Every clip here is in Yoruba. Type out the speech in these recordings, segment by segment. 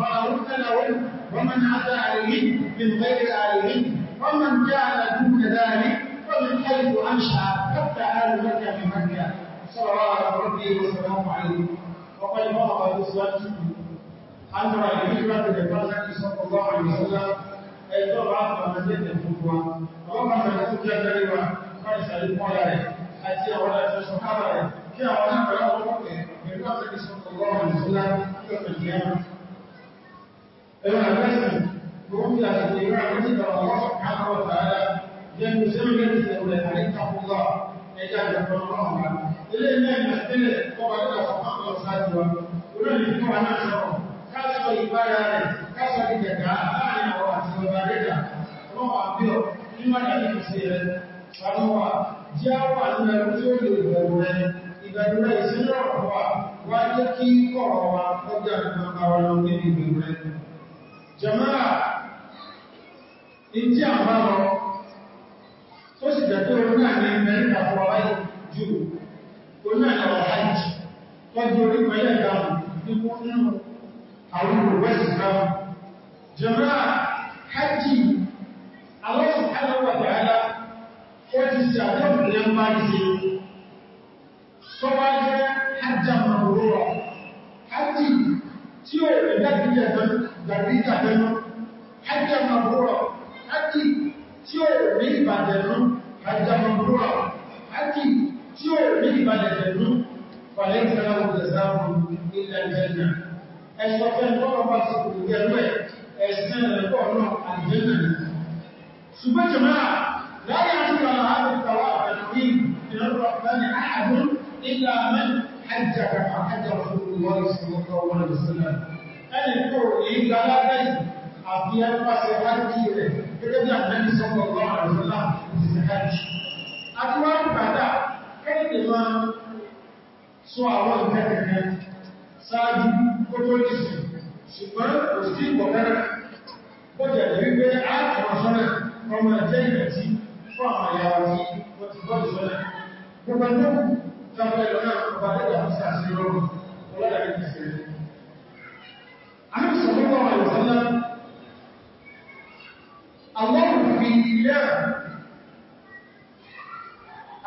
وأرد لهم ومن أتى عليه من غير عليهم ومن جعل دون ذلك فمن حيث أنشأ حتى أهل مكة في مكة صلى ربي وسلام عليه وقد وقف الإسلام شكرا أمر الهجرة لفرزك صلى الله عليه وسلم أي ترى فمزيد الفتوى ربما نقول جزا لما فرس للمولاي أتي ولا تشكره كي أولاك لا تقوم بفرزك صلى الله عليه وسلم يوم القيامة ẹ̀rọ àgbẹ́sìn lórí àti ìrọ̀ àgbẹ́sìn lọ́wọ́ àwọn ọ̀tà ara jẹ́ mùsùlùmí ìṣẹ̀lẹ̀ àríkàkúgbà ẹjá ìjọba ọmọ ilé mẹ́rin àtẹ́lẹ̀ ọwọ́ àríkàkọ̀ pàtàkì ọ̀sájú wa olóòrùn ìfún wa náà sọ̀rọ̀ káàkiri ìbára rẹ̀ káàkiri ìjẹ̀ká láàrin àwọn àti ọba rẹ̀dà wọ́n wà bí ọ̀ ní mọ́dá ní ìṣẹ́ rẹ̀ àwọn wà jẹ́ wà ní ẹrù tí ó lè bẹ̀rù rẹ̀ ìbẹ̀rù rẹ̀ ìṣẹ́lẹ̀ ọ̀pọ̀ wá jẹ́ kí kọ̀rọ̀ wa kọjá ìgbàmọ́ àwọn ọmọ ìbẹ̀rù rẹ̀ jẹmọ́ra in tí a bá lọ tó sì jẹ́ tó orí náà ní mẹ́ríkà fún ọláyé jù orí náà lọ hajj tọ́jú orí pẹ̀lẹ̀ ìdáhùn nígbó nínú àwọn olùwẹ́sì náà jẹmọ́ra hajj alọ́sùn alọ́wọ̀ tí ó rẹ̀ dájú jẹ́ jàgbíjà tẹnu hajjá mọ̀búrọ̀ hajjí tí ó rí ìbàjẹ̀nú hajjá mọ̀búrọ̀ hajjí tí ó rí ìbàjẹ̀nú fàlẹ́ لا يعجب على هذا الطواف العظيم من الرحمن أحد إلا من حجك فحج رسول الله صلى الله ẹni tó ìgbà lágbàáyì àti ẹgbàṣẹ hajji rẹ̀ gẹ́gẹ́ bí àmẹ́ni sọ́kọ̀ ọgbọ́n àrùsọ́lá ti ṣe hajji. àti wá bùkátà kẹ́lì lè máa sọ àwọn ìkẹ́kẹ́kẹ́ sáájú kó tó lè sùn ṣùgbọ́n kò sí ìbọ̀kẹ́rẹ́ ó jẹ̀ wípé àtàwọ̀sọ́rẹ̀ ọmọ ẹ̀jẹ́ ìrẹ̀tí fún àwọn àyàwó tí wọ́n ti bọ́ ìṣọ́lẹ̀ gbogbo ẹgbẹ́ tàbí ẹ̀lọ́nà ọba ẹgbẹ́ àmúṣà sí rọrùn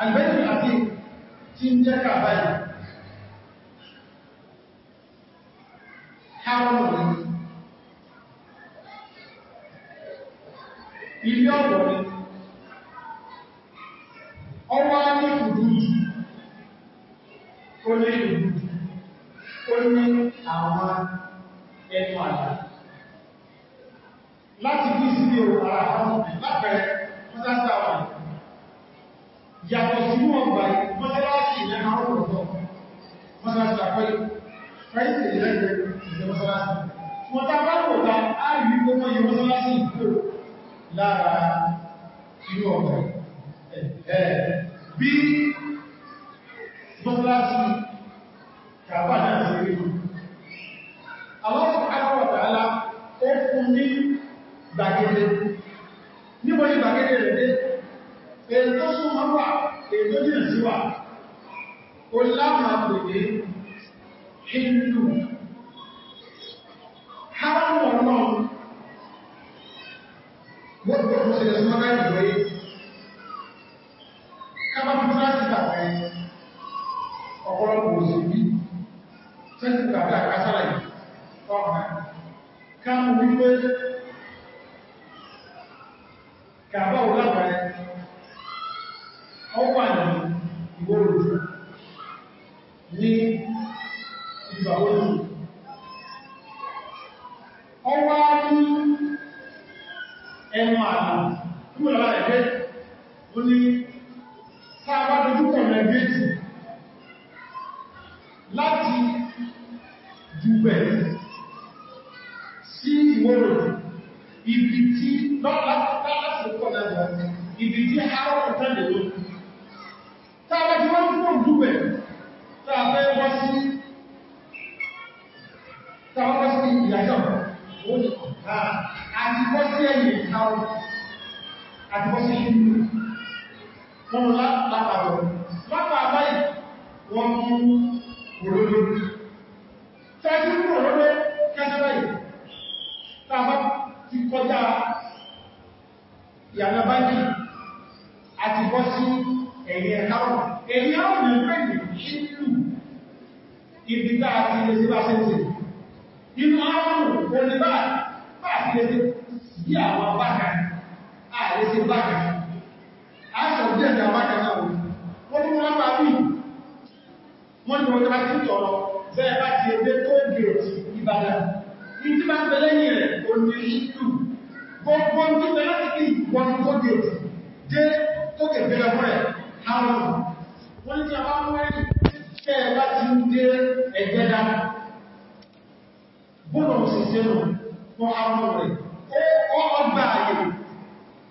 Àgbẹ́sìn àti tí ń jẹ́ kàbáyì, haramu ni, ilé ọ̀pọ̀ ni, ọwá ní ìdúdú, ó ní ìdúdú, ó àwọn ẹnu àdá láti bí sí ní òun ara fásitì lápẹẹrẹ mọ́sásá wà yàtọ̀ sí wọ́n gbà mọ́sálásì ìlẹ́nà ọ̀rọ̀tọ̀ mọ́sálásì àpẹẹrẹ fẹ́sì ìlẹ́gbẹ̀ẹ́ ìṣẹ́ mọ́sálásì wọ́n ta bá wò ta á rí gbogbo yẹ mọ́sálásì ìkó lára inú ọ̀gbẹ̀ bí rédèrèdè èyí tó súnmọ́ wà èyí tó jìnà sí wà ó lámàá pè ní hindu haramu ọ̀nà gbogbo ìṣẹ̀lẹ̀ súnmọ́ láì lórí kábàmù tíráṣìtà rẹ̀ ọ̀pọ̀lọpọ̀ òṣèlú tẹ́sìtà rẹ̀ àkására yìí ọ̀pọ̀ kàbá olápàá ọ wà ní ìwòrò ní ìgbàwòrò ọ wá ní ẹnu àlà fún ìlàlá ẹgbẹ́ ó ní sáàbá dojúkọ̀ lẹ́gbẹ́ẹ̀tì láti jùgbẹ̀ sí ìwòrò ibi tí àwọn ọ̀tẹ́lẹ̀ ló tààbà tí wọ́n fún òdúgbẹ̀ tààbà ẹwọ́ sí tààbà sí ìyàjọ́ àti wọ́n sí ẹ̀yìn ìtàwọn àti wọ́n sí ìlú wọn lápàá lápàá wọ́n mú òdòdó tẹ́jú òdòdó kẹsẹ̀rẹ̀ tààbà ti kọjá ìyànà báyìí àti bọ́ sí ẹ̀yẹ ẹ̀káwọ̀. Èyí àwọn ìrìnlẹ̀ ìlú ibi bá àti ilé sí bá ṣe ṣe. Inú àwọn òní bá àti ilé bí àwọn bákà ààrẹ sí bákà. A sọ bí ẹ̀dà bákà náà wọ́n mú wọ́n bá bí wọ́n ni wọ́n tẹ́bá ti tọ̀rọ bẹ́ẹ̀ bá ti ẹgbẹ́ tó gẹ̀ẹ́tì ìbàdà. Ìtí bá bẹ̀lẹ́ ní rẹ̀ òní ìlú. Gbogbo ń tí bẹ̀lẹ́ sí ìwọ̀n tó gẹ̀ẹ́tì dé ó kè fẹ́ fún ẹ̀ àwọn wọ́n ní tí a bá mú ẹ̀rì tẹ́ ẹ bá ti ń dé ẹgbẹ́ dá bọ́nà òṣìṣẹ́ nù fún àwọn rẹ̀ ó ọgbà àyè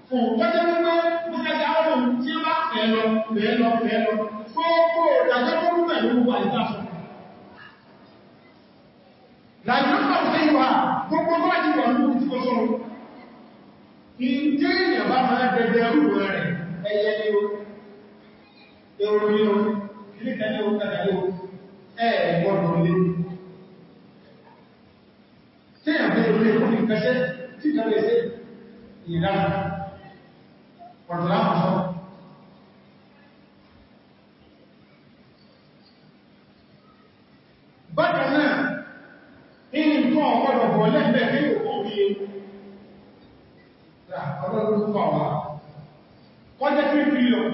fún tọ́jẹ́ wípé mọ́kànlá àwọn tí a bá fẹ́ lọ fẹ́ lọ fẹ́ lọ gbogbo ìdájọ́ tó rú pẹ̀lú wà ìtàṣọ́ Ìjẹ́ ìyàbá máa dẹ̀dẹ̀ rú rẹ̀ ẹyẹ ni o ẹ̀rọ ni o kìlíkà ni o kàdà ni o ẹ̀ẹ̀gbọ́nà lè tí àbẹ́ orí ẹ̀kọ́ ní kẹsẹ́ ọ̀pọ̀lọpọ̀ lẹ́gbẹ̀ẹ́ wọ́n jẹ́ 3 billion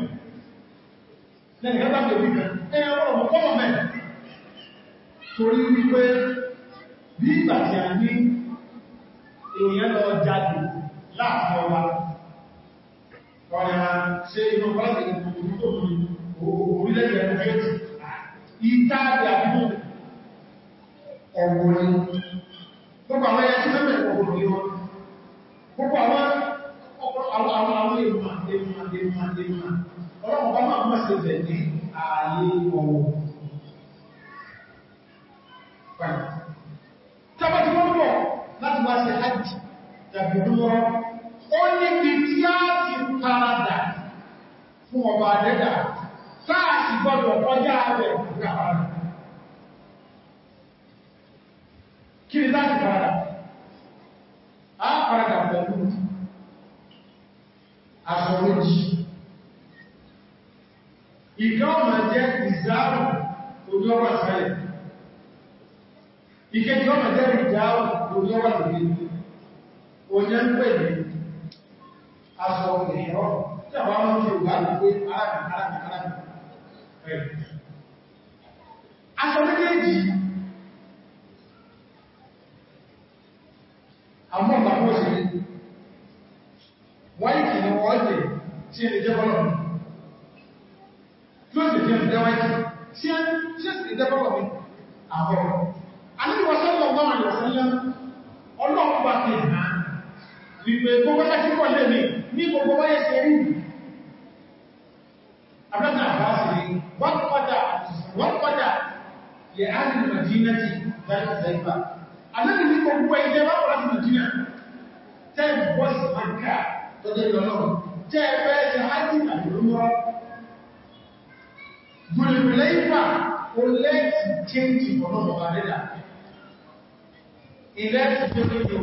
lẹ́nì kẹta tó bí kan ẹ̀yẹ ọ̀rọ̀ ọ̀pọ̀lọ̀ mẹ́ torí wípé bí ìgbà tí a ní èèyàn lọ jáde láàrín ọba ọ̀rẹ́ ṣe inú pàtàkì ìpòkòrò tó mú orílẹ̀-èdè ìtàdà àbúrò ọ̀gbọ̀n ni gbogbo àwọn ẹyẹ tí mẹ́mẹ́ ìpòkòrò yọ gbogbo àwọn àwọn àwọn èèmà èèmà èèmà èèmà ọlọ́run bá máa mọ́ sí ẹ̀bẹ̀ ní ààyè fún ọba adẹ́dà sáà gbọ́dọ̀ kọjá rẹ̀ rà ìdáàrù orí ọwà sáyẹ̀ ìkejì ọmọ jẹ́ ìdáàrù orí ọwà lórí oúnjẹ ń pè ní aṣọ ìrọ tí àwọn ọmọ tí ó bá ń pè ààrùn ààrùn ààrùn aṣọ méjèèjì àmọ́ yóò sì fi ẹ̀fẹ́ wáyé tí ẹ ṣe sì ìdẹ́bọ̀bọ̀ mi àbọ̀. Àníwọ̀sọ́lọ̀ gbọ́nà ìwọ̀sánlẹ́ ọlọ́ọ̀pá ti hàn wípé gbogbo láti pọ̀ lè mi ní gbogbo wáyé ṣe rí. Abẹ́ta àbáṣe wọ́n padà lè áàrin Màdínà ti dájú Zaifa. Àlẹ́bì ní gbogbo ẹgbẹ́ wá wà láti Màdínà tẹ́ bọ́sì Màkà tọ́jẹ́ ìlọ́lọ́rùn tẹ́ ẹgbẹ́ ẹ̀ṣẹ̀ will that change Zulhulaifa ó lẹ́ẹ̀tì jẹ́ǹtì ọlọ́run ọba rẹ̀dà. Ilẹ́ẹ̀tì jẹ́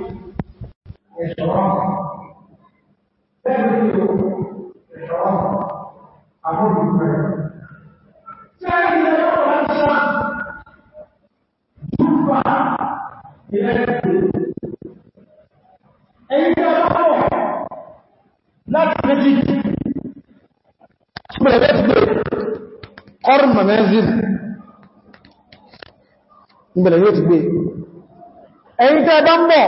ìbẹ̀lẹ̀ ní ó ti gbé ẹ̀yìn tẹ́ bá ń bọ̀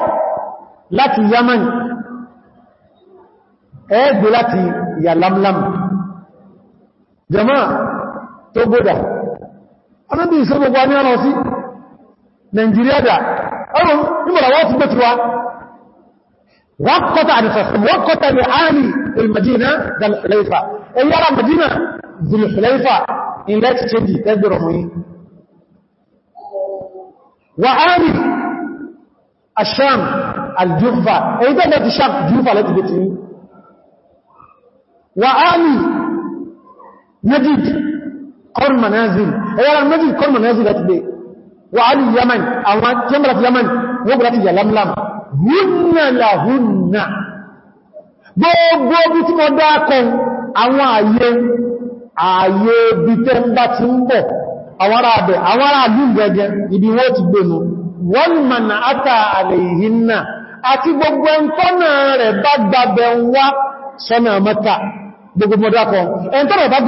láti Yaman ẹgbẹ̀ láti Yalamlam jama'a tó gbódà anábí ìṣẹ́gbogbo ní ọ̀nà sí Nàìjíríà dà ọrùn nígbàrà wọ́n ti gbé tiwa wọ́kọ́ta àdìsọ̀sọ̀ wọ́kọ́ta ní àárí ìlmàjínà dalhulaifa wàhálì asham aljufa èyí tẹ́gbẹ̀ ti ṣáp jufa láti bẹ̀ ti ní wàhálì najid kormanazil ẹ̀yàrá najid kormanazil láti bẹ̀ wàhálì yaman àwọn tẹ́mbà láti yaman wọ́n bẹ̀rẹ̀ ti yà lamlam húnnà lahúnnà gbogbo bí tí mọ́ dákọ àwọn àyè àyè bí tẹ́mbà ti ń bọ̀ àwọn ará abẹ̀ àwọn ibi wọ́n ti gbénu wọ́n ma na átà àlè ìhìnà àti gbogbo ẹntọ́nà rẹ̀ bá gbàbẹ̀ wá sọ́nà mẹ́ta gbogbo mọ́dákọ ẹntọ́nà bá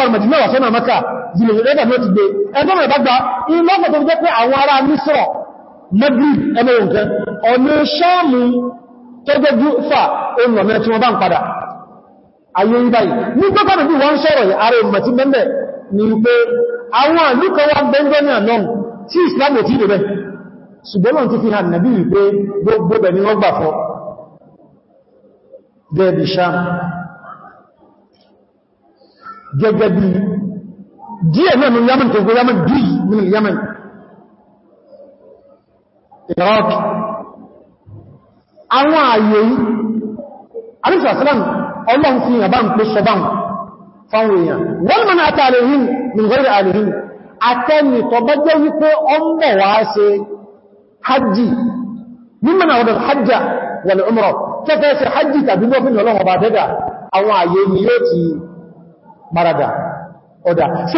gbà ayé ìbáyìí ní gbogbo àmì wọ́n sọ̀rọ̀ ààrẹ ìmọ̀ tí ni pé àwọn àlúkọ wọn bẹ́ńgọ́ náà lọ́n tí Islam ò tí ìdò bẹ́ ṣùgbọ́n lọ́n ti fi hàn nàbí pé gbogbo bẹ̀ ni wọ́n gbà fọ́ gẹ́ẹ̀bì Sham gẹ́gẹ́ bí díẹ̀ náà nínú Yemen tó gbé Yemen bí fáwọn èèyàn mọ̀ náà tààrẹ yìí nìgbẹ̀rẹ̀ àríhìn àtẹ́ni tó bá jẹ́ wípé wá ṣe hajji mímọ̀nà ọ̀dọ̀ hajjá wal umra kẹfẹ́ ṣe hajji tàbí lọ́fin ọlọ́wọ̀ bá dẹ́dà ṣe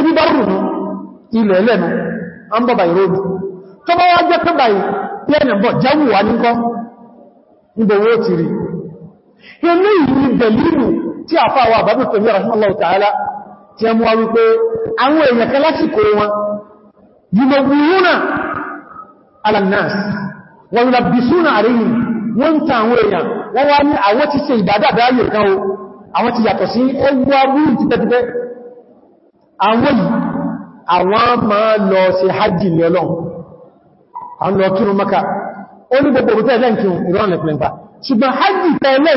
tí a fà wà bàbí tòmí rahimahullahu ta'ala tí a mú wa wípé àwọn èèyàn kan lásìkò wọn yìnbọ̀gbùnúnà alannas wọ́n yìnbà bisúnà àríyìn wọ́n ta àwọn èèyàn wọ́n wá ní àwọn ti ṣe ìdádàdáyè kan o àwọn ti yàtọ̀ sí ọgbọ́ abúrú ti pẹ́tipẹ́ àwọn yìí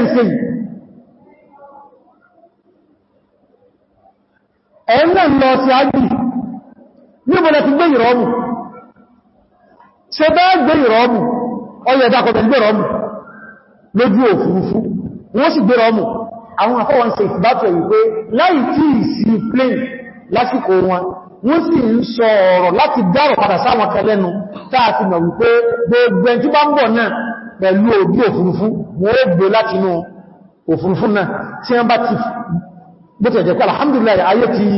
àwọn máa ẹ̀nà lọ sí ájì níbọ̀lẹ̀ ti gbé ìrọ́mù ṣe bá gbé ìrọ́mù ọyẹ̀ dákọ̀tẹ̀ gbé ìrọ́mù lójú òfurufú wọ́n sì gbé ìrọ́mù àwọn afọ́wọ́n ṣe ìfìbátọ̀ wípé láì tí sí plane lásìkò wọn wọ́n sì ń sọ ọ̀rọ̀ láti dárò padà sáwọn kẹlẹ́nu táàtì mọ̀ wípé gbogbo ẹni tí bá ń bọ̀ bó ti ẹ̀jẹ̀ pé alhamdulillah ayé ti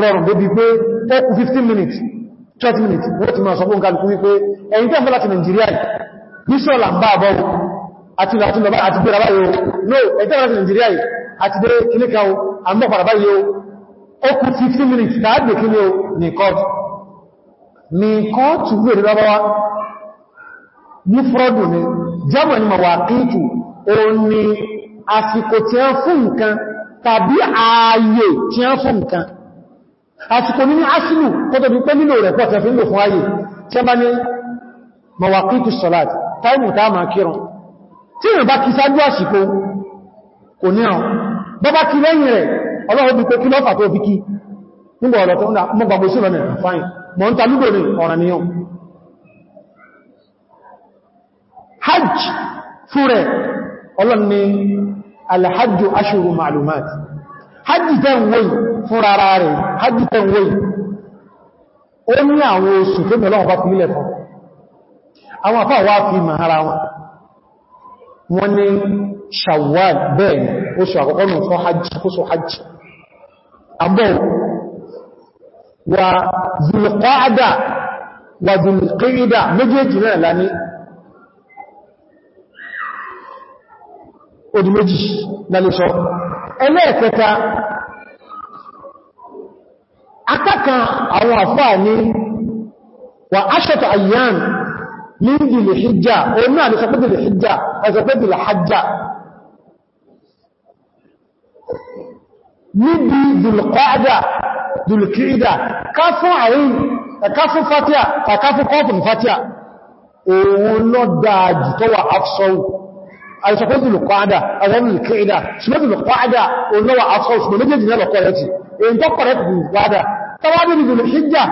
rọrùn débi pé ẹkù 15 minutes 30 minutes wọ́n ti máa sọ fún kálukú wípé ẹ̀yìn tẹ́fẹ́ láti Nigeria bíṣọ́ là ń bá àbọ́ àti ìrìnàtúnlọ́bá àti gbẹ̀rẹ̀ báyìí no ẹ̀yìn tẹ́fẹ́ láti Nigeria àti dẹ̀rẹ̀ kìníkà o àmọ́pàá báyìí ó kù 15 minutes tàbí kí ni o ní kọ́ọ̀tù ní kọ́ọ̀tù gbé ní lọ́wọ́ ní fúrọ́dù ní germany mawàkìtù o ní àsìkò tí a fún nǹkan tàbí ààyè tí a fún nǹkan àsìkò nínú asìlù kó tó bí pé nílò rẹ̀ pọ̀ tẹ́fí lò fún ààyè tí a bá ní mawakitu salat táìmù tá máa kírun tí ìrìn bá kí sáájú àsìkò kò ní àwọn bọ́bá kí lẹ́yìn rẹ̀ ọlọ́run bí alhajjú aṣòro ma'lumat hajji tẹ́wọ́n fún rárá rẹ̀ hajji tẹ́wọ́n ó ní àwọn oṣù tó mẹ́lọ́ ọ̀pá fílẹ̀ fún àwọn afá wá fi ma ara wọn wọ́n ní shawwal bẹ́ẹ̀ oṣù àkọ́kọ́ nù fún hajji kóso hajji abọ́ wa zulqa'ada wa zulqa'ida méjèèjì náà lani odi méjì lálẹ́sọ ẹlẹ́ẹ̀kẹta akáka àwọn àfáà ní wà aṣọ́ta àyíyàn ní ìdìlẹ̀ hijjá òun náà ní sọpẹ́dìlẹ̀ hijjá ẹ̀sọpẹ́dìlẹ̀ hajjá níbi dùlùkọ́dà dùlùkìídà ká fún àrin ẹ̀ká fún fatia tàká fún àìsọ̀kọ́ lùkọ́ádà àwọn olùkẹ́ìdà ṣùgbọ́n lùkọ́ádà olówà afọ́ òṣùgbọ́n méjèèjì náà lọ́kọ́ rẹ̀ ti èyí tó kọ̀rẹ̀ ti lùkọ́ádà tàwádé ní zulhijjá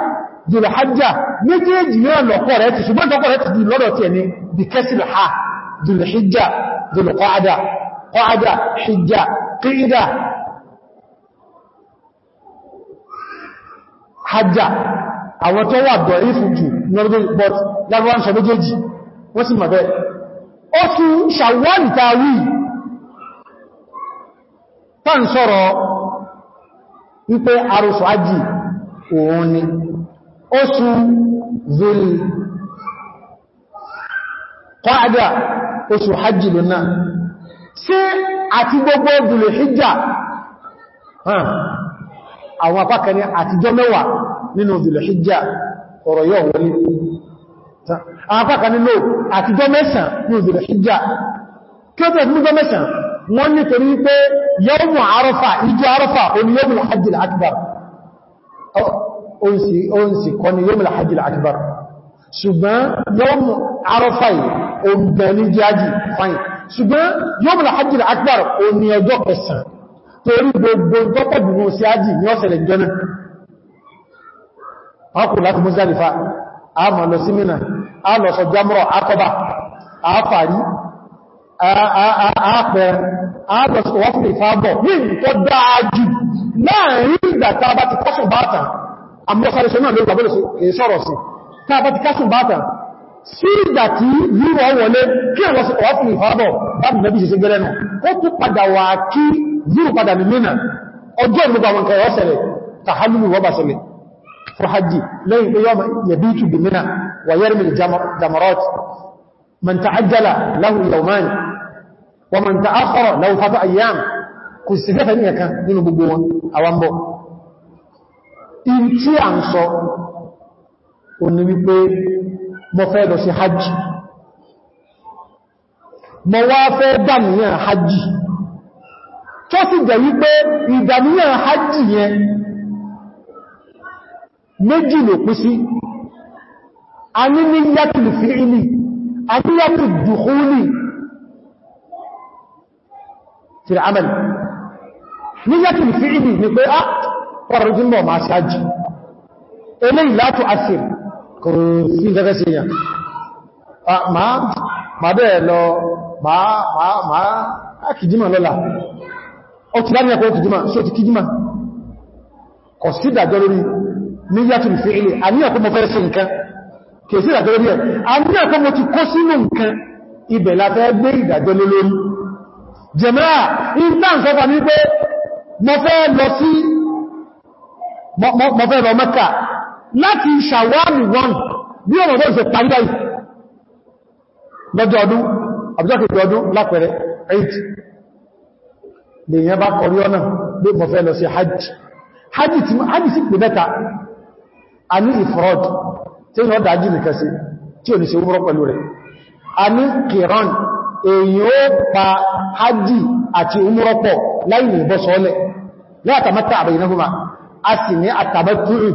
zulhajjá méjèèjì náà lọ́kọ́ rẹ̀ ti ṣùgbọ́n tó kọ̀rẹ̀ ti di lọ́dọ̀ ti ẹni bí kẹsìl ha zulhijjá zulkọ́ádà kọ́ádà hijjá oṣù ṣàwọ́lì tàwí tán sọ́rọ̀ wípé àrùsù ajì òun ni oṣù zoli kọ́ádà oṣù hajji lónà sí àti gbogbo Dhul Hijjah àwọn apákaní àtijọ́ mẹ́wàá nínú Dhul Hijjah ọ̀rọ̀ yóò wọlé àpákan nílò àtijọ́ mẹ́sàn ní òzèrè ìjà kí ó tẹ́lẹ̀ mújọ́ mẹ́sàn wọ́n ní torí pé yọ́mù àrọ́fà ìjọ àrọ́fà òní yọ́mù hajjìl akbar ounsi kọ́ ni yọ́mù hajjìl akbar ṣùgbọ́n yọ́mù àrọ́fà òǹgbẹ̀ni jájì fain ṣùgbọ́n yọ́mù hajjìl akbar òní ọjọ́ kẹsàn torí gbogbo tọ́pọ̀dùnú sí ájì ní ọ̀sẹ̀lẹ̀ jọ́nà a lọ sọ jámọ́rọ̀ akọba àáfàrí àápẹ̀ẹ́ àádọ́sọ̀ wọ́n fún ìfàbọ̀ ní ìtọ́ dáájú láàrin ìgbà tàà bá ti kásùn bátà àmọ́sáresọ náà lórí gbàbọ́lẹ̀ sọ̀rọ̀ sí tàà bá ti kásùn bátà sí ìgbà tí yíwọ̀ wọlé kí àwọ́sọ̀ wọ́n fún ìfàbọ̀ bábù nẹ́bí ṣe gẹ́rẹ́ nù ó tún padà wà kí yíwọ̀ padà ní mínà ọjọ́ ìgbàgbàwọn kẹrọ sẹ̀rẹ̀ tàhálùmù wọ́bà sẹ̀rẹ̀ fún hajji lẹ́yìn pé yọ́mà yabitu bi Mina wa yarmi al-jamarat man ta'ajjala lahu yawmani wa man ta'akhkhara lahu thalathatu ayyam kò sí fẹ́fẹ́ ní ẹ̀ka nínú gbogbo wọn àwambọ̀ in tí a ń sọ o ní wípé mo fẹ́ lọ sí hajji mo wá fẹ́ dàmìyàn hajji tó sì jẹ́ wípé ìdàmìyàn hajji yẹn méjì ló pín sí a ní ní yàtùlù fi ilì a ní yàtùlù dùkúlì fìrì àmàlì ní yàtùlù fi ilì ní pé á ah, ọ̀rọ̀ jùmọ̀ máa ṣáájì ilé ìlàtù asìr kò sí gẹ́gẹ́ sí yà ah, máa bẹ́ẹ̀ lọ máa kìjímà lọ́la ọ ti lárí níyàtù ìfèèlè àníyàkó mo nke sí nǹkan kèsí ìdàgbẹ́lẹ́bí ẹ̀ àníyàkó mo ti kó sínú nǹkan ibẹ̀ láfẹ́ gbé ìdàjọ́ lólórí jẹ̀mẹ́rà intan sọ́fà ní pé mo fẹ́ lọ sí mo láti bá ọ̀nà pé lọ sí sí pè mẹ́ta a ní ifrod tí yíò dájí nìkan sí tí ò ní ṣe umrọ pẹ̀lú rẹ̀ a ní kiran èyí ó pa hajji àti umrọ pọ̀ láì ní ìbọ́ sọ́ọ́lẹ̀ látàmátà àbẹ̀yìn náà fúnmà a sì ní àtàbẹ̀túrù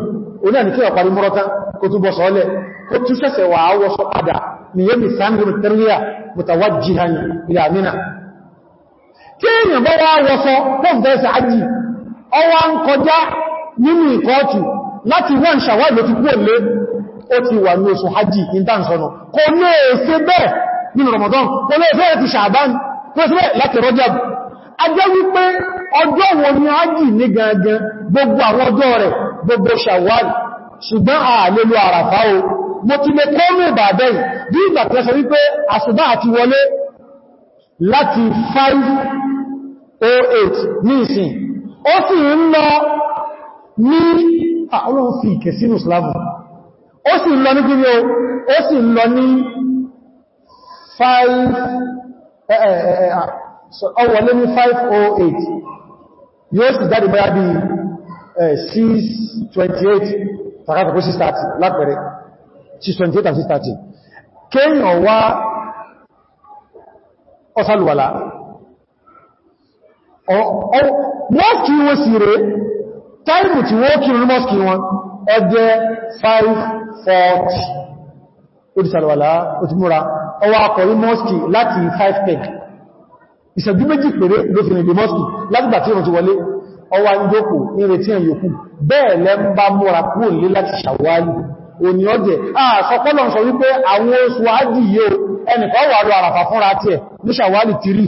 oní ẹni kí ọ̀parí mọ́rọ́tán kó túbọ̀ sọ́ọ́lẹ̀ kó tún sẹ́sẹ̀ wà áwọ́ sọ padà ní yẹ́ mi ń kọjá nínú ìkọ́ọ̀tù láti wọ́n ṣàwárí ló ti kú òlé ó ti wà ní oṣù hajji ìdáǹsọ́nà kò ní èsẹ́ bẹ́ẹ̀ nínú Ramadan kò ní èsẹ́ ti ṣàbán kò sí láti Rajab a jẹ́ wípé ọjọ́ wo ni hajji ní gangan gbogbo àwọn ọjọ́ rẹ̀ gbogbo ṣàwárí ṣùgbọ́n o mo ti lè kọ́ mẹ́ bàbẹ́ bí ìgbà tẹ́ sọ wípé àṣùbá àti wọlé láti Ah, ọlọ́run fi ìkẹ̀ sínú islamu ó sì lọ ní gírí ó sì lọ ní 5 ọwọ̀lé eh, eh, eh, ah, ní 508 yóò sì jáde báyá bí 628 tàkàtàkó 630 lápẹẹrẹ 628 and 630 kéèyàn wá ọsálùwàlá wọ́n kí wọ́n sí rẹ̀ táìmù tí wọ́n kí ní mọ́sí wọn ọjẹ́ 540 olùsàlùwàlá òtìmúra ọwọ́ akọ̀rí mọ́sí láti 510 ìṣẹ́jú méjì péré ló fi rìnlẹ̀ mọ́sí láti gbà tí wọ́n ti wọlé ọwọ́ ìjókò ní retí ẹ̀yòkú bẹ́ẹ̀ lẹ́ ń bá múra kúrò lé láti ṣàwálì òní ọjẹ́ àṣọpọ́lọ̀ sọ wípé àwọn oṣù àdìyẹ ẹnìkan wà lọ àràfà fúnra tí ẹ̀ ní ṣàwálì tìrì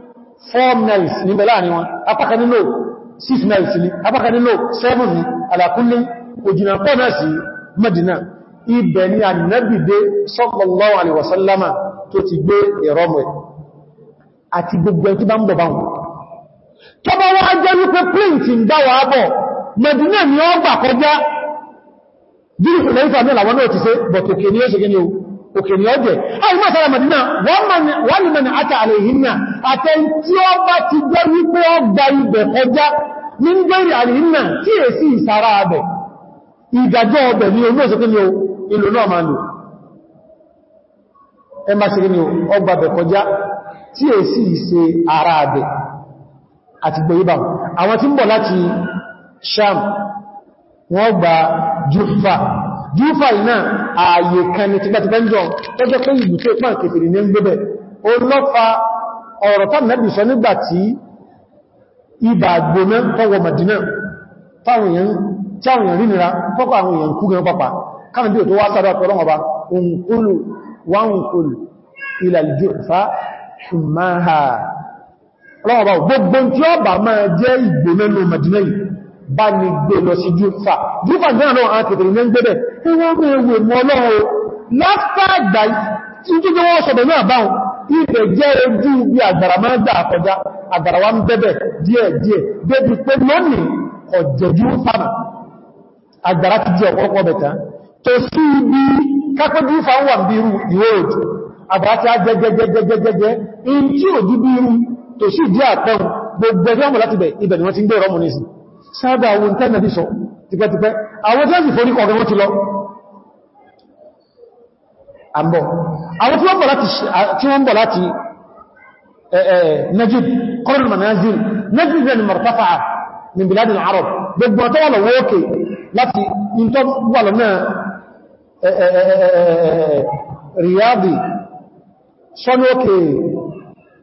four miles ní bẹ̀lá ní wọn apákan nílò six miles ní apákan nílò seven ní alákúnlé òjìnà pọ̀ náà sí Madina ibẹ̀ ni ànábìdé sallallahu alaihi wasallama tó ti gbé ìrọmọ̀ àti gbogbo ẹ̀ tí bá ń bọ̀ báwọn tó bá wá jẹ́ wípé print ń dáwà ábọ̀ Madina ni ó gbà kọjá òkè ní ọjẹ́. Àìmọ́ sára Màdínà, wọ́n ni mẹ́ni àtà àlèhìnà, àtẹ́ tí ó bá ti jẹ́ wípé ó gba ibẹ̀ kọjá ní gbẹ̀rẹ̀ àlèhìnà tí è sí ìsára abẹ̀. ọbẹ̀ ni ṣe Sham, júfà iná ààyè kan ní tipẹ́tipẹ́ ń jọ tó jẹ́ pé ìlú tó pàn kèfèrè ní gbẹ́bẹ̀ ó lọ́fà ọ̀rọ̀ tán nẹ́bì sọ nígbà tí ibà gbóná tọwọ Màdínà táwọn èèyàn rínira tọ́kọ̀ àwọn èèyàn kú gan pápá káàkiri tó wá bá ní gbé lọ sí júfà júfà náà náà àti ìtẹ̀lẹ̀ ní gbẹ́bẹ̀ wọ́n rí ewé mọ́ lọ́wọ́ láfàgbà ìjújẹ́ wọ́n sọ̀bẹ̀ náà báhùn ibẹ̀ jẹ́ ojú bí àgbàrà máa gbà àkọjá àgbàrà wa ń bẹ́bẹ̀ díẹ̀ díẹ̀ débi pé lónìí ọ̀jẹ̀jú fàmà àgbàrà ti jẹ́ ọ̀pọ̀lọpọ̀ bẹ̀ta tó sí ibi kápẹ́jú fàwọn bí irú ìwé òjò àgbàrà ti á jẹ́gẹ́gẹ́gẹ́gẹ́gẹ́ in tí òjú bí irú tó sì jẹ́ àpẹrun gbogbo ẹgbẹ́ ọmọ láti bẹ̀ ibẹ̀ ni wọ́n ti ń gbé ìrọmù nísìn sáábà àwọn tẹ́nàbí sọ tipẹ́tipẹ́ àwọn tí wọ́n sì forí kọ̀ọ̀kan wọ́n ti lọ àmbọ̀ àwọn tí wọ́n bọ̀ láti najib kọrùn manazil najib zai martafa min biladin arab gbogbo tó wọ́n wókè láti intọ́ wọ́lọ̀ náà riyadi sọ́nà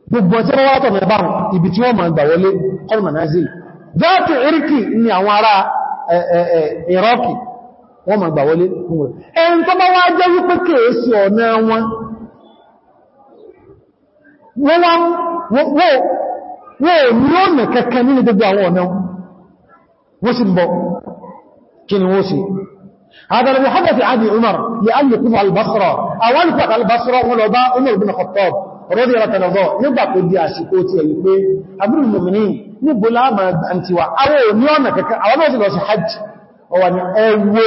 gbogbo tí wọ́n Zaatu Irki ni àwọn ará Iraki wọ́n ma gbà wọlé fún rẹ̀. Ẹn tó bá wá jẹ́ wípé kèèsì ọ̀nà wọn, wọ́n ní ọ̀nà kẹkẹ nínú gbogbo àwọn ọ̀nà wọ́n sì bọ̀ kí ni wọ́n sì. Àdàrà Muhammad Adi Umar ni a lè àwọn ìpàkà al wọn lọ bá Umar bin Khattab rọ́dí ọ̀tànàbọ̀ nígbà tó di àsìkò tí ẹ̀yí pé abúrú lòmìnì ní bọ́lá máa gbàntíwà awọ́ ní ọ̀nà kẹkẹ àwọn ọ̀sìn lọ sí hajj ọwà ní ẹwọ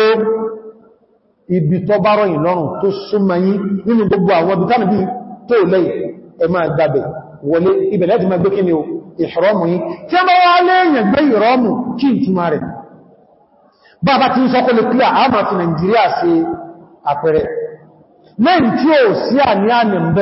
ibi tó bá rọ̀ ìlọ́run tó súnmayí nínú gbogbo àwọn ibi tánàbí tó lẹ́yìn ẹ máa gbàbẹ̀ wọlé ibẹ̀ láti máa gbé kí ni ìṣọ́rọ̀mù yí tí a máa lẹ́yìn tí ń sí àpẹẹrẹ lẹ́yìn tí ó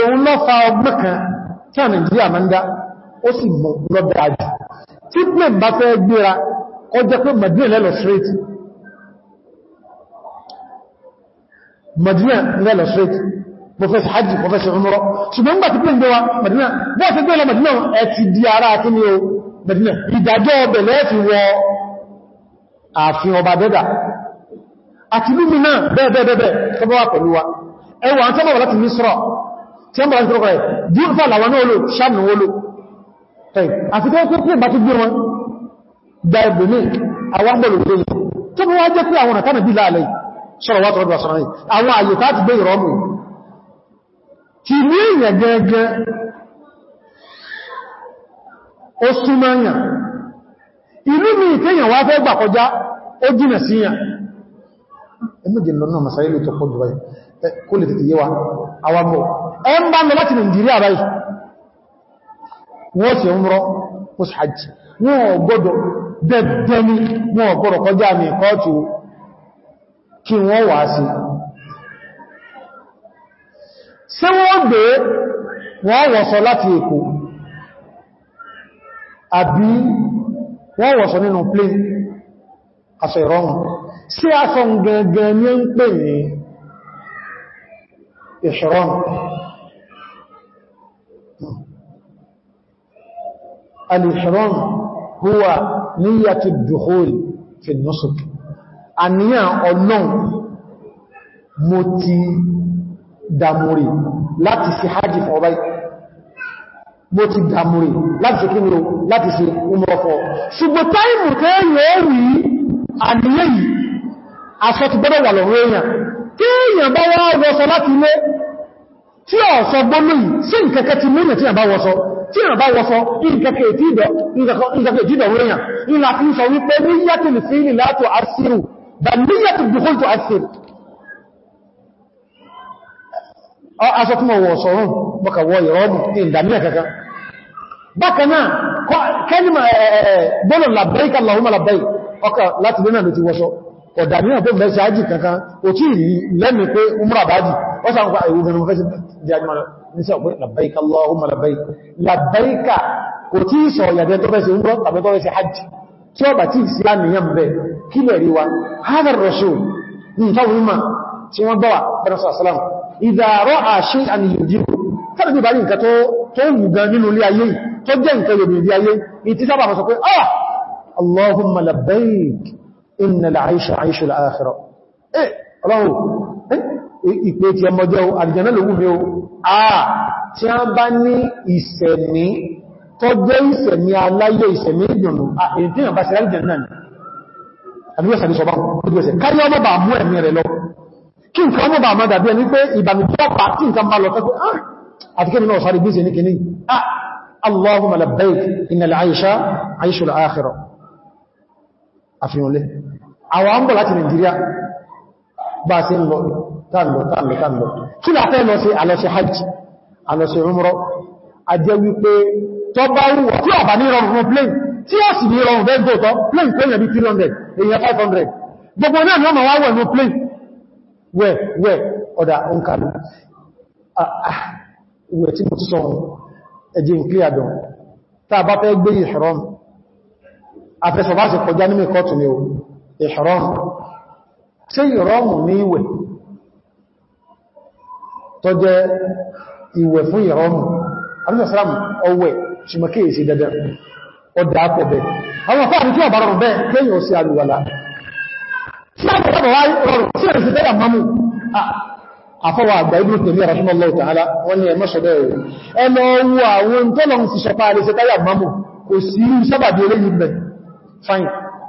òun lọ fa ọgbọ́n kan tí a Nàìjíríà máa ń dá ó sì mọ̀ lọ́dá jù tí plane bá fẹ́ gbéra ó jẹ́ pé Madina lẹ́lọ straight Madina lẹ́lọ straight professor hajj professor umro ṣùgbọ́n gbà tí plane gbé wa Madina bọ́ ti gbé lọ Madina ẹ ti di ara àti ní o Madina ìdájọ́ ọbẹ̀ lẹ́ẹ̀fì wọ ààfin ọba dẹ́dà àti lúmi náà bẹ́ẹ̀bẹ́ẹ̀bẹ́ẹ̀ tọ́bọ́wà pẹ̀lú wa ẹwà ń tọ́bọ̀wà láti Misra tí ó bá ń tọ́rọ rẹ̀ jùlọ làwọn náà lò ṣàmì wọ́n lò tẹ́ àti tó kó pé bá tó gbé wọn gba ẹgbẹ̀ ní àwọn gbọ́lù tó yìí tó bí wá jẹ́ pé àwọn àtànà bí láàlẹ̀ sọ̀rọ̀ wá tọ́rọ̀ sọ̀rọ̀ rẹ̀ àwọn àyè tá ti gbé ìrọ́mù kì ní èèyàn gẹ́gẹ́ ó súnmọ́yàn ìlú lọ́nà masáyé lè tọ́pọ̀ báyìí kó lè tètè yé wa awábọ̀ ẹ ń bá mẹ́ láti Nàìjíríà báyìí wọ́n sì ń rọ́ pọ́sàájì wọ́n ọgbọ́dọ̀ bẹ̀bẹ̀ ní wọ́n ọgbọ́dọ̀ kọjá mi kọ́ọ̀tù kí wọ́n wà sí ṣe wọ́n gbé wọ́n wọ̀sọ láti Èkó àbí wọ́n wọ̀sọ nínú plane aṣọ ìrọ̀rùn sí aṣọ gẹ̀gẹ̀ ní ń pè ní ìṣọ́rọ̀rùn الإحرام هو نية الدخول في النسك àníyàn ọlọ́run mo ti dàmúrí láti ṣe hajji fún ọba mo ti dàmúrí láti ṣe kíni o láti ṣe umrọ̀fọ́ ṣùgbọ́n táìmù tẹ́yẹ̀ rí àníyàn yìí aṣọ ti gbọ́dọ̀ wà lọ́rọ̀ èèyàn tí èèyàn bá wá rọ́sọ láti ilé tí ó sọ gbọ́nà yìí sí nkẹ́kẹ́ ti múnà tí àbá wọ́sọ tí àbá wọ́sọ nkẹ́kẹ́ ìdídọ̀ wúrẹ́yàn ìlà fi sọ wípé níyàtì lè fi ìlà tó àṣírù bá níyàtì dùkún tó àṣírù aṣọ tí mọ̀ wọ́sọ rán bọ́kà wọ́ ìrọ́bù ìdàmíyà kankan bákanáà kẹ́lìmà gbọ́nà labbaik Allahumma labbaik ọkà láti lónà ló ti wọ́sọ ọ̀dà mìíràn tó mẹ́sí ájì kankan ò tí lẹ́mì pé umra bájì ó sáwọn ìwò ganin mọ́kànsí jajima nísẹ́ ọ̀pẹ́ labbaika Allahumma labbaika labbaika kò tí sọ yàdẹ tó fẹ́sí umra tàbí tó fẹ́sí hajji tí ó bà tí sí àníyàn bẹ kí lè rí wa hadar rasul ní ìtàwọn ìmọ̀ tí wọ́n gbọ́wà bẹ̀rẹ̀ sàlám idha ra'a shay'an yujibu tàbí bá rí nǹkan tó wù gan nínú ilé ayé tó jẹ́ nǹkan yòmì ilé ah, Allahumma labbaika inna al-'aysha 'ayshu al-akhirah eh Ọlọ́run eh, ìpé ti ọmọdé àlùjànnà ló wù mí o àà tí a bá ní ìsẹ̀mí tó jẹ́ ìsẹ̀mí aláyé ìsẹ̀mí ìdùnnú àìdíyàn bá sẹ́rẹ̀ àlùjànnà ni àdúgbẹ́sẹ̀ ní sọ̀bá ọdúgbẹ́sẹ̀ káyọ ọmọ bà mú ẹ̀mí rẹ̀ lọ kí nǹkan ọmọ bà tí nǹkan bá lọ tẹ́kọ́ ah, àti kí nínú ọ̀sáré gbíṣẹ́ ní kìíní Allahumma àwọn àmbọ̀ láti Nigeria bá sí lọ tààlọ tààlọ tààlọ kí là fẹ́ lọ sí àlọ́ṣe hajj àlọ́ṣe umrọ a jẹ́ wípé tó bá rú tí a bá ní rọrùn fún plane tí a sì ní rọrùn fẹ́ gbọ́tọ́ plane plane bí 300 èyàn 500 gbogbo náà ni wọ́n ma wá wẹ̀ ní plane wẹ̀ wẹ̀ ọ̀dà ọ̀nkàlù ìwẹ̀ ah, ah, tí mo sọ ẹjẹ́ ìkílẹ̀ àdán tàà bá fẹ́ gbé ìhẹ̀rọm afẹ́sọ̀bá sì kọjá nínú ìkọ́tù ni o ìṣọ́rọ̀mù tí ìrọ́mù ní ìwẹ̀ tó jẹ ìwẹ̀ fún ìrọ́mù alìsàsàrámù ọwẹ̀ ṣìmọ̀kí èsì dẹ̀dẹ̀ ọdá pẹ̀bẹ̀ àwọn fáàrí tí ọ̀bá rọrùn bẹ́ẹ̀ lẹ́yìn òsì alùwàlá tí a bọ̀ wá rọrùn tí èsì tẹ́lẹ̀ mọ́mù àfọwà àgbà ibùn tèmí rahimahullahu ta'ala wọ́n ni ẹmọ́ ṣọ̀dọ̀ ẹ̀rọ ẹmọ owó àwọn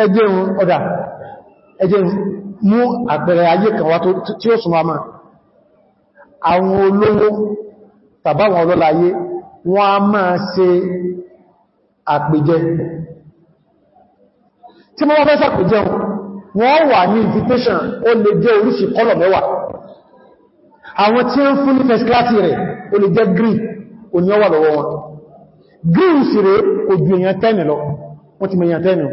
ẹjẹun ọ̀dà ẹjẹun mú àpẹẹrẹ ayé kan wá tí ó súnmọ́ máa àwọn olówó tàbáwọn ọlọ́lá ayé wọ́n a máa ṣe àpèjẹ tí wọ́n fẹ́ sàpèjẹun wọ́n wà ní invitation ó lè jẹ́ oríṣìí kọ́lọ̀ mẹ́wàá àwọn tí ó ń fún ní first class rẹ̀ ó lè jẹ́ green òní lọ́wọ́ wọn green sì rẹ̀ òjò èèyàn tẹ́nì lọ wọ́n ti mẹ́yàn tẹ́nì lọ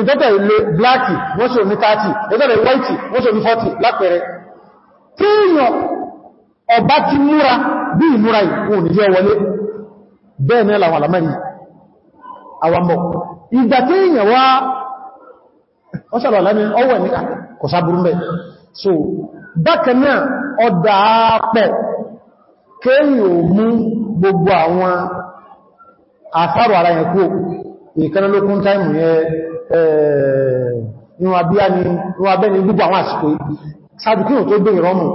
ìtọ́tẹ̀ ilé bláàkì wọ́n sí omi 30 ìtọ́tẹ̀ wáìtì wọ́n sí omi 40 lápẹẹrẹ tí èèyàn ọba ti múra bí ìmúra ìkún ní yẹ wọlé bẹ́ẹ̀ ní àwọn alamẹ́rí àwàmọ̀ ìgbà tí èèyàn wá wọ́n sàrọ̀ ọwọ́ so bákan náà ọdá pẹ̀ kéèyàn ò mú gbogbo àwọn àfárò ara ẹ̀kú ìkanálókún táìmù yẹn Eh, ìwọ̀n ni wọ́n abẹ́ ni gbogbo àwọn àsìkò sáàdùkínà tó gbé ìrọ́mù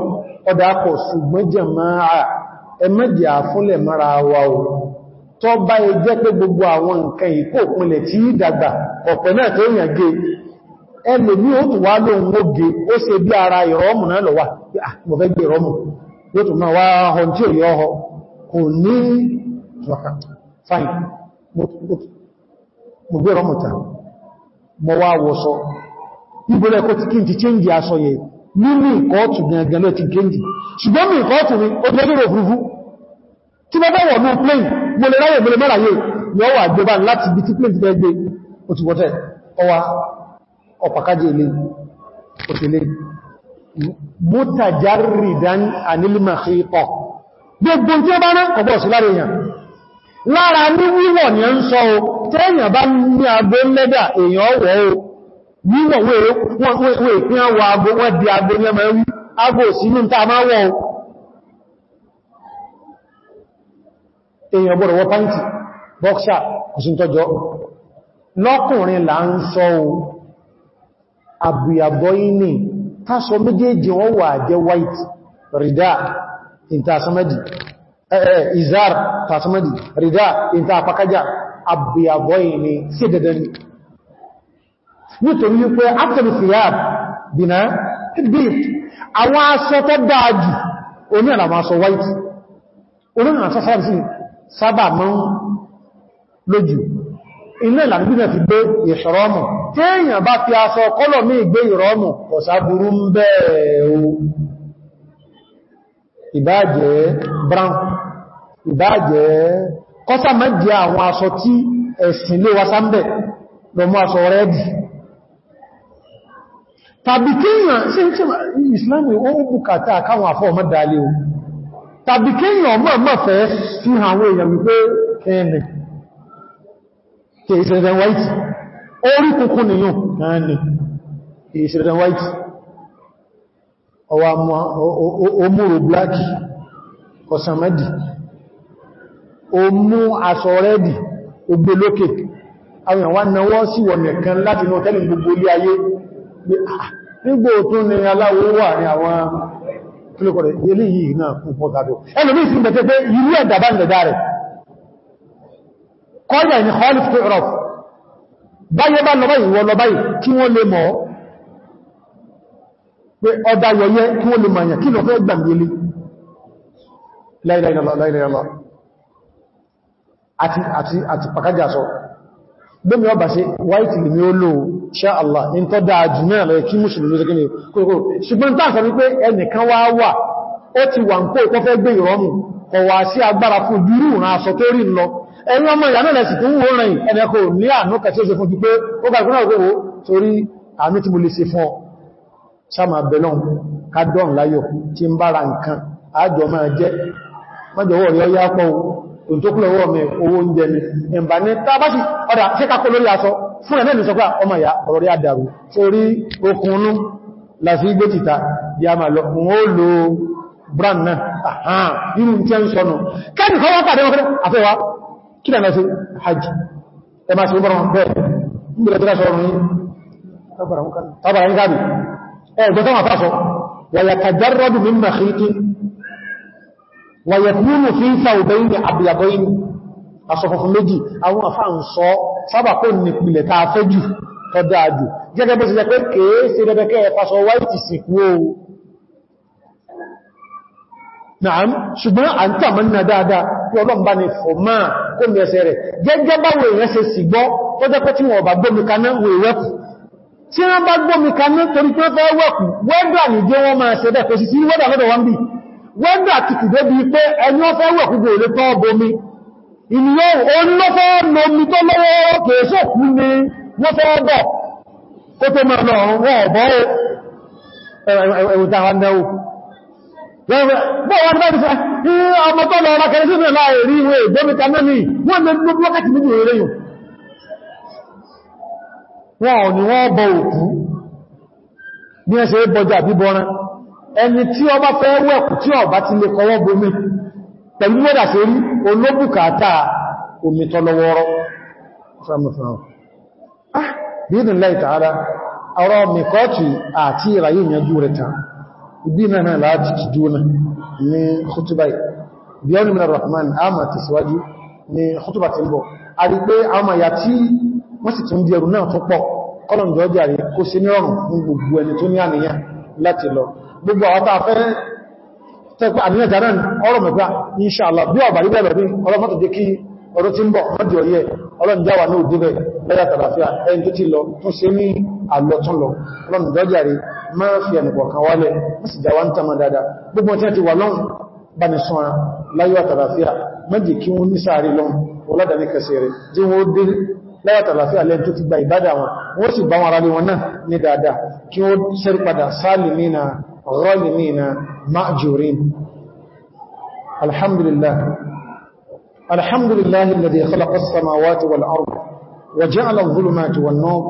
ọdá pọ̀ ṣùgbọ́n jẹ máa ẹmẹ́jì àfúnlẹ̀ mara wa o tó bá gbogbo àwọn nǹkan ìkó òpinlẹ̀ tí ìdàgbà ọ̀pẹ̀ ara ah, mo gbé mọ́ wá wọ́sọ níbúrẹ́ kó ti kí n ti chéǹjì aṣọ yẹ nínú ìkọ́ọ̀tù gangan ló ti kéǹjì ṣùgbọ́n mi ìkọ́ọ̀tù mi ó jẹ́ lórí òfurufú tí bá bá wọ̀ ní plane mo lè ráyè mo lè mọ́ra yẹ yọ wà gbẹba láti bí tí plane ti fẹ́ gbé ó ti wọ́tẹ̀ ọwá ọ̀pàkájẹ́ ilé òtìlé mútàjárìdán ànílìmàkíkọ̀ gbogbo tí ó bá rán ọ̀bọ̀ sí lára èèyàn lára ní wíwọ̀ ni a ń sọ tẹ́yìn bá ní agbó lẹ́dà èèyàn ọwọ́ o níwọ̀ wọ́n ìpín àwọ̀ agbó wọ́n di agbó ní ọmọ rí agbó sí ní ta máa wọ́n èèyàn gbọ́dọ̀ wọ pàǹtì bọ́ksà kùsùntọ́jọ́ lọ́kùnrin là ń sọ o inì tásọ méjèèjì wọ́n wà jẹ́ white rida rida àbìyàbọ́yìnì sí dandani nítorí wípé afẹ́lú fìyàb bìnà ìbìf àwọn aṣọ tó dáájù oní àlàmà aṣọ white oní àṣọ sáàbìsì sábà mọ́n lójú ilẹ̀ ìlànà fi gbé ìṣọ́rọ́mù tí èyàn bá fi aṣọ kọ́lọ̀ mí gbé ìrọ́mù ọ̀sàbúrú ń bẹ́ẹ̀ o ìbájẹ́ brown ìbájẹ́ kọ́sà má àwọn aṣọ tí ẹ̀sìn lé wa sáńbẹ̀ lọ aṣọ tàbí kíyàn sí ìsìlámi ó káwọn àfọ́ ọmọ o tàbí kíyàn ọmọ ọmọ fẹ́ fi àwọn èèyàn wípé ẹni white orí kúkú nìyàn ẹni kèèsì rẹ̀ omúrò black o mu aṣọ rẹ́dì ogbé lókè àwọn ìwọ̀n náwọ́ sí wọ̀nà kan láti inú tẹ́lì gbogbo ilé ayé ah, nígbò tún ní aláwọ̀ wà ní àwọn kílùkọ̀rẹ̀ ilé yìí náà fún pọ́tàbí ẹlùmí ìsìn bẹ̀tẹ̀ pé irú ẹ̀dà rẹ̀ kọ́lẹ̀ àti àti àti pàkájà sọ gbẹ́mí ọba sí white lè ní ó lò ṣá Allah in tó dáa jù náà lọ kí mùsùlùmí ló kíni kòrò ṣùgbọ́n tàà sọ wípé ẹnìkan wá wà ó ti wà ń kó ìkọ́ fẹ́ gbé ìrọ́mù kọ̀ wà sí agbára fún dúrú ìran aṣọ tó rí lọ ẹni ọmọ ìyàmẹ́lẹ̀ sì tún wọ́n rìn ẹnẹ́kò ní àánú kàtí òjòkúlọ̀wọ́ mẹ́ owó oúnjẹ ni ẹ̀mbà ní tàbátì ọ̀dá tí ká kó lórí aṣọ fún ẹ̀mẹ́ mi sọpá ọmọ ìyá ọ̀rọ̀ rí àdàrú orí okùnú láti igbé títà ya ma lọ mọ́ lò brand náà àhán inú tí ń sọ́nà kẹ́bì kọ́ wọ́n pàdé wọ́n afẹ́wà kí lẹ́nà sí hajj ẹ máa ṣe ń bọ́rọ̀ bẹ́ẹ̀ ń bẹ̀rẹ̀ tíra sọ́rọ̀ yìí tábàrà ń kábì ẹ̀gbẹ́ tó wà fásọ wà yàtàdárọ́dù mímọ̀ ويكون في ثوبين ابيضين asofofo méjì àwọn afa nso sábà ko ni pile ta feju tó dájú gẹ́gẹ́ bó ṣe pé ke se dede ke pa so white siku o naam ṣùgbọ́n an ta manna dada ko Ọlọ́run bá ni foma ko mi ese re gẹ́gẹ́ bá wo eyan ṣe sigbo tó jẹ́ pé tí wọ́n bá gbọ́ mi kana sí sí weda wẹ́gbà tìtì débi pé ẹni ọ́fẹ́ wẹ̀ kúgbò olè tọ́ bomi ìlúwọ́ olófẹ́ lómi tó lọ́wọ́ kèèṣẹ́ kú ní wọ́n fẹ́ bọ̀ kó tó mọ̀ lọ wọ́n ọ̀bọ̀ ẹ̀wùta àwọnẹ́wò wọ́n ni wọ́n bọ̀ òkú ní ẹsẹ̀ ìbọjà bíbọ́rán ẹni tí ọba fẹ́ wẹ̀kù tí ọba ti lè kọwọ́ bomi pẹ̀lú mọ́dà sí orí olóbùkátà omi tọ́lọwọ́rọ́ ah, bídùn láìtàára ọ̀rọ̀ mẹ́kọ́tù àti ìràyí ìyànjú rẹ̀ ta ibi náà láti ti dúnà ní kútùbáyì bí ọ́nà mìíràn rahman àmà tẹ̀síwájú ní kútùbà tí ń bọ̀ a rí pé àmà yà tí gbogbo àwọ́ta fẹ́ tẹ́kọ̀ àdínẹ̀ta náà ọ̀rọ̀ mẹ́gbà inṣàlá bí ọ̀bàrí bẹ̀rẹ̀ bí ọlọ́mọ́tò jẹ́ kí ọdún tí ń bọ̀ mọ́dí ọ̀yẹ́ ọlọ́njáwà ní òdíbẹ̀ lẹ́yà tàbàfíà ẹni tó ti lọ tún sí ní àlọ́tún lọ ọlọ́nìdọ́jàre máa fi ẹnìkọ̀ kan wálẹ̀ mọ́sí jáwá ń tàmà dáadáa gbogbo tí a ti wà lọ́n bá ní sọ́ra láyọ́ tàbàfíà wọ́n dé láyọ́ tàbàfíà tó ti gba ìbádà wọn wọ́n sì bá wọn ara wọn náà ní dáadáa kí wọ́n sẹ́rí padà sáàlì nínà غالمين مأجورين الحمد لله الحمد لله الذي خلق السماوات والأرض وجعل الظلمات والنور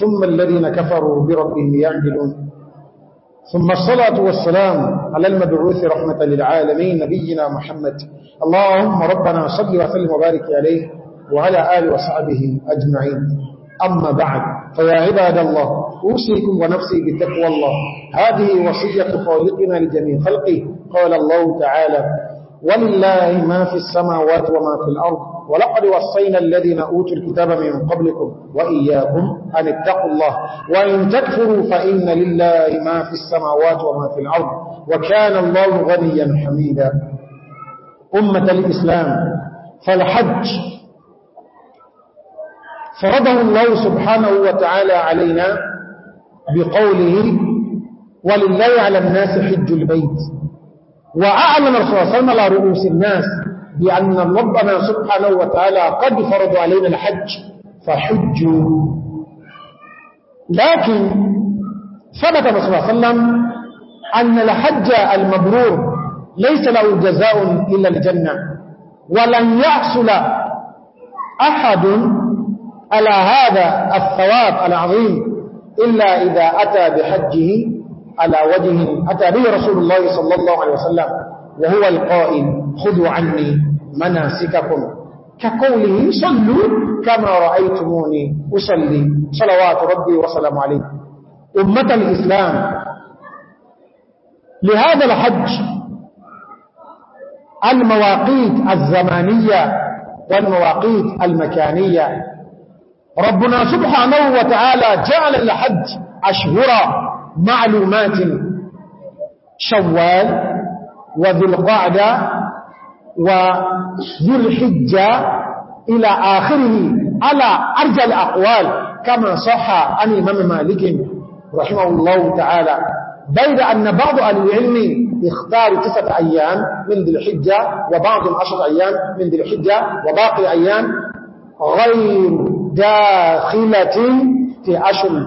ثم الذين كفروا بربهم يعدلون ثم الصلاة والسلام على المبعوث رحمة للعالمين نبينا محمد اللهم ربنا صل وسلم وبارك عليه وعلى آل وصحبه أجمعين أما بعد فيا عباد الله أوصيكم ونفسي بتقوى الله هذه وصية خالقنا لجميع خلقه قال الله تعالى ولله ما في السماوات وما في الأرض ولقد وصينا الذين أوتوا الكتاب من قبلكم وإياكم أن اتقوا الله وإن تكفروا فإن لله ما في السماوات وما في الأرض وكان الله غنيا حميدا أمة الإسلام فالحج فرضه الله سبحانه وتعالى علينا بقوله ولله على الناس حج البيت وأعلم الرسول صلى الله عليه رؤوس الناس بأن ربنا سبحانه وتعالى قد فرض علينا الحج فحجوا لكن ثبت الرسول صلى الله عليه وسلم أن الحج المبرور ليس له جزاء إلا الجنة ولن يحصل أحد على هذا الثواب العظيم إلا إذا أتى بحجه على وجه أتى به رسول الله صلى الله عليه وسلم وهو القائل خذوا عني مناسككم كقوله صلوا كما رأيتموني أصلي صلوات ربي وسلام عليه أمة الإسلام لهذا الحج المواقيت الزمانية والمواقيت المكانية ربنا سبحانه وتعالى جعل الحج أشهر معلومات شوال وذي القعدة وذي الحجة إلى آخره على أرجى الأقوال كما صح عن إمام مالك رحمه الله تعالى بيد أن بعض العلم اختار تسعة أيام من ذي الحجة وبعض عشرة أيام من ذي الحجة وباقي أيام غير داخلة في عشر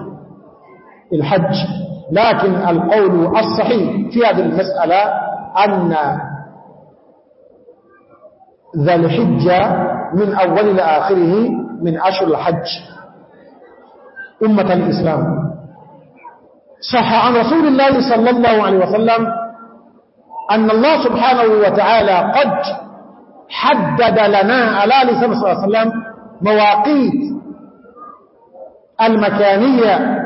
الحج لكن القول الصحيح في هذه المسألة أن ذا الحجة من أول لآخره من عشر الحج أمة الإسلام صح عن رسول الله صلى الله عليه وسلم أن الله سبحانه وتعالى قد حدد لنا على لسان صلى الله عليه وسلم مواقيت المكانية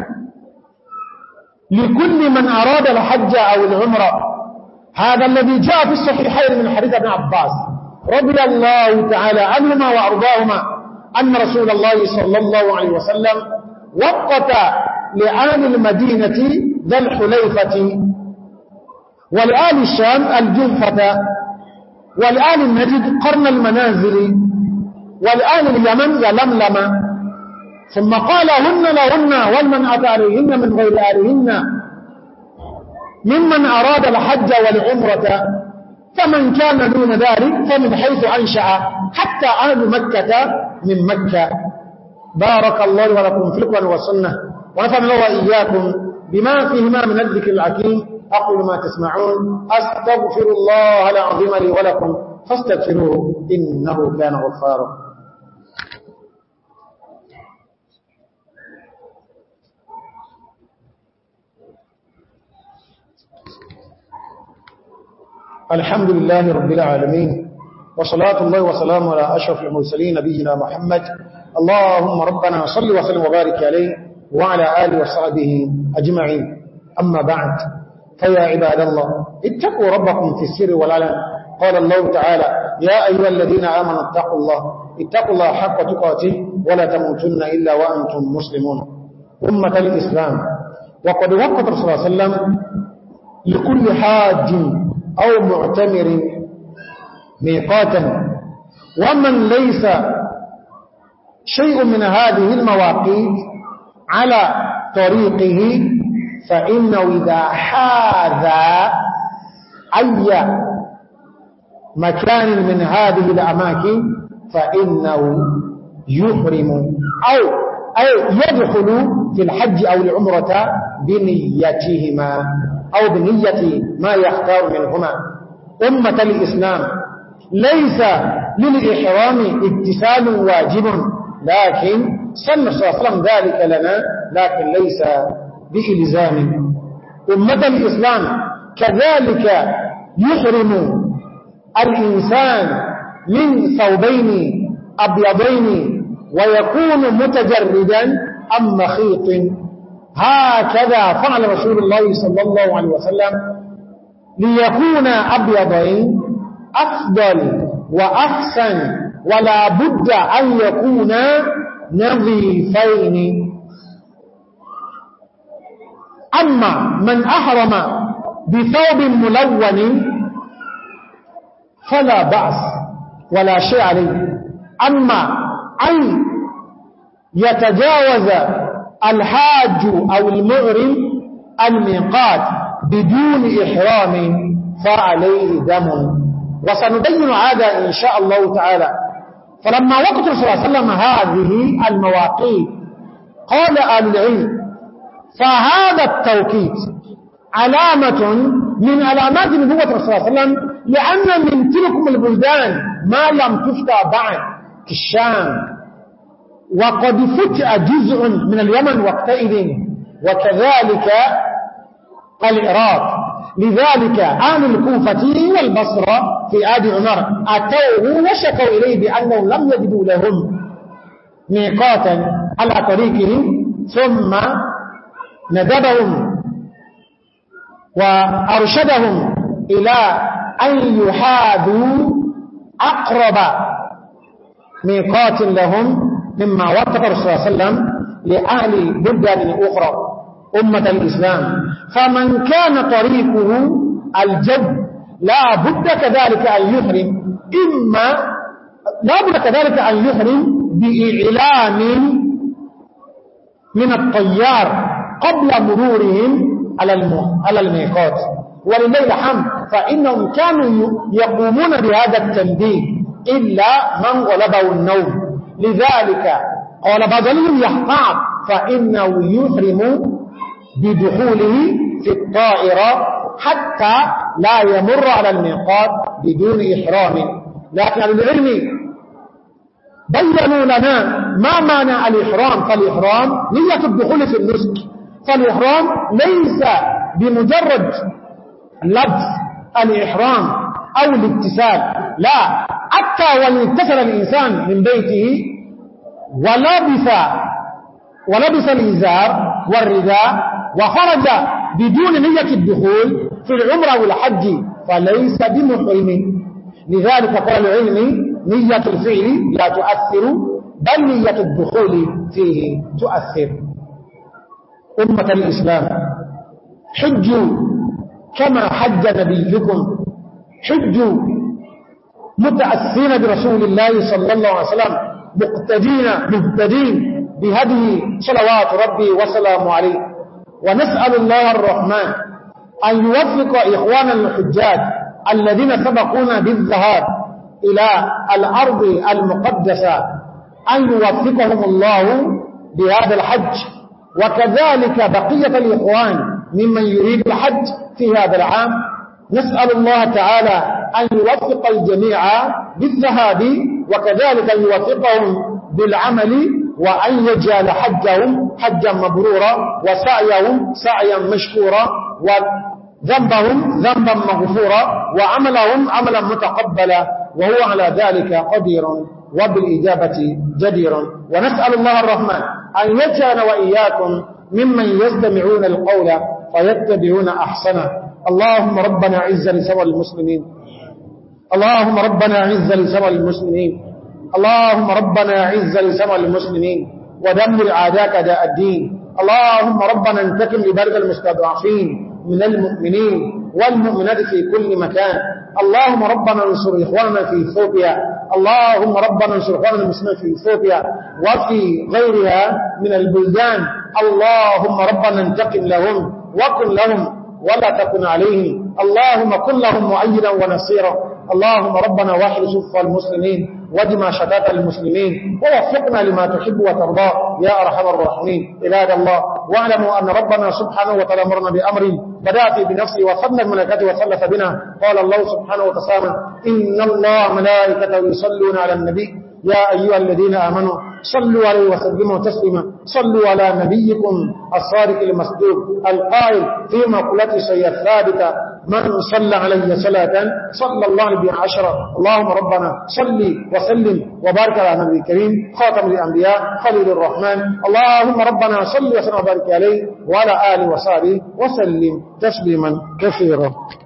لكل من أراد الحج أو العمرة هذا الذي جاء في الصحيحين من حديث ابن عباس رضي الله تعالى عنهما وأرضاهما أن رسول الله صلى الله عليه وسلم وقت لآل المدينة ذا الحليفة والآل الشام الجنفة والآل النجد قرن المنازل والآل اليمن يلملم ثم قال هن لهن ومن أتاريهن من غير آلهن ممن أراد الحج والعمرة فمن كان دون ذلك فمن حيث أنشأ حتى أهل مكة من مكة بارك الله ولكم في القرآن والسنة ونفهم الله وإياكم بما فيهما من الذكر العكيم أقول ما تسمعون أستغفر الله العظيم لي ولكم فاستغفروه إنه كان غفارا الحمد لله رب العالمين وصلاة الله وسلامه على أشرف المرسلين نبينا محمد اللهم ربنا صل وسلم وبارك عليه وعلى آله وصحبه أجمعين أما بعد فيا عباد الله اتقوا ربكم في السر والعلن قال الله تعالى يا أيها الذين آمنوا اتقوا الله اتقوا الله حق تقاته ولا تموتن إلا وأنتم مسلمون أمة الإسلام وقد وقت رسول الله صلى الله عليه وسلم لكل حاج أو معتمر ميقاتا ومن ليس شيء من هذه المواقيت على طريقه فإنه إذا حاذى أي مكان من هذه الأماكن فإنه يحرم أو, أو يدخل في الحج أو العمرة بنيتهما أو بنية ما يختار منهما أمة الإسلام ليس للإحرام اتسال واجب لكن صلى الله عليه وسلم ذلك لنا لكن ليس بإلزام أمة الإسلام كذلك يحرم الإنسان من ثوبين أبيضين ويكون متجردا أم مخيط هكذا فعل رسول الله صلى الله عليه وسلم ليكون أبيضين أفضل وأحسن ولا بد أن يكون نظيفين أما من أحرم بثوب ملون فلا بأس ولا شيء عليه أما أن يتجاوز الحاج أو المغرم الميقات بدون إحرام فعليه دم وسنبين هذا إن شاء الله تعالى فلما وقت صلى الله عليه وسلم هذه المواقيت قال آل العلم فهذا التوقيت علامة من علامات نبوة صلى الله عليه وسلم لأن من تلكم البلدان ما لم تفتى بعد كالشام وقد فتع جزء من اليمن وقتئذ وكذلك العراق لذلك أهل الكوفة والبصرة في آد عمر أتوه وشكوا إليه بأنهم لم يجدوا لهم ميقاتا على طريقهم ثم ندبهم وأرشدهم إلى أن يحاذوا أقرب ميقات لهم مما وفق الرسول صلى الله عليه وسلم لأهل بلدان أخرى أمة الإسلام فمن كان طريقه الجد لا بد كذلك أن يحرم إما لا بد كذلك أن يحرم بإعلام من الطيار قبل مرورهم على الميقات ولليل حمد فإنهم كانوا يقومون بهذا التنبيه إلا من غلبه النوم لذلك قال بدلهم يحقع فإنه يحرم بدخوله في الطائرة حتى لا يمر على الميقات بدون إحرام لكن العلم بيّنوا لنا ما معنى الإحرام فالإحرام نية الدخول في النسك فالإحرام ليس بمجرد لبس الإحرام أو الابتسال لا حتى وإن اتصل الإنسان من بيته ولبس ولبس الإزار والرداء وخرج بدون نية الدخول في العمر والحج فليس بمحرم لذلك قال العلم نية الفعل لا تؤثر بل نية الدخول فيه تؤثر أمة الإسلام حجوا كما حج نبيكم حجوا متأثين برسول الله صلى الله عليه وسلم مقتدين مهتدين بهذه صلوات ربي وسلام عليه ونسأل الله الرحمن أن يوفق إخوان الحجاج الذين سبقونا بالذهاب إلى الأرض المقدسة أن يوفقهم الله بهذا الحج وكذلك بقية الإخوان ممن يريد الحج في هذا العام نسأل الله تعالى أن يوفق الجميع بالذهاب وكذلك أن يوفقهم بالعمل وأن يجعل حجهم حجا مبرورا وسعيهم سعيا مشكورا وذنبهم ذنبا مغفورا وعملهم عملا متقبلا وهو على ذلك قدير وبالإجابة جدير ونسأل الله الرحمن أن يجعل وإياكم ممن يستمعون القول فيتبعون أحسنه اللهم ربنا عز لسوى المسلمين اللهم ربنا عز لسوى المسلمين اللهم ربنا عز لسوى المسلمين ودمر عاداك داء الدين اللهم ربنا انتكم لبرد المستضعفين من المؤمنين والمؤمنات في كل مكان اللهم ربنا انصر إخواننا في إثوبيا اللهم ربنا انصر إخواننا المسلمين في إثوبيا وفي غيرها من البلدان اللهم ربنا انتقم لهم وكن لهم ولا تكن عليه اللهم كن لهم معينا ونصيرا اللهم ربنا واحد صف المسلمين ودما شتات المسلمين ووفقنا لما تحب وترضى يا أرحم الراحمين إلهي الله واعلموا أن ربنا سبحانه وتعالى أمرنا بأمر بدأت بنفسه وخدنا الملكة وخلف بنا قال الله سبحانه وتعالى إن الله ملائكة يصلون على النبي يا أيها الذين آمنوا صلوا عليه وسلموا تسلما صلوا على نبيكم الصادق المسدود القائل في مقلة شيء الثابتة من صلى علي صلاة صلى الله بها عشرة اللهم ربنا صلي وسلم وبارك على نبي الكريم خاتم الأنبياء خليل الرحمن اللهم ربنا صلي وسلم وبارك عليه وعلى آله وصحبه وسلم تسليما كثيرا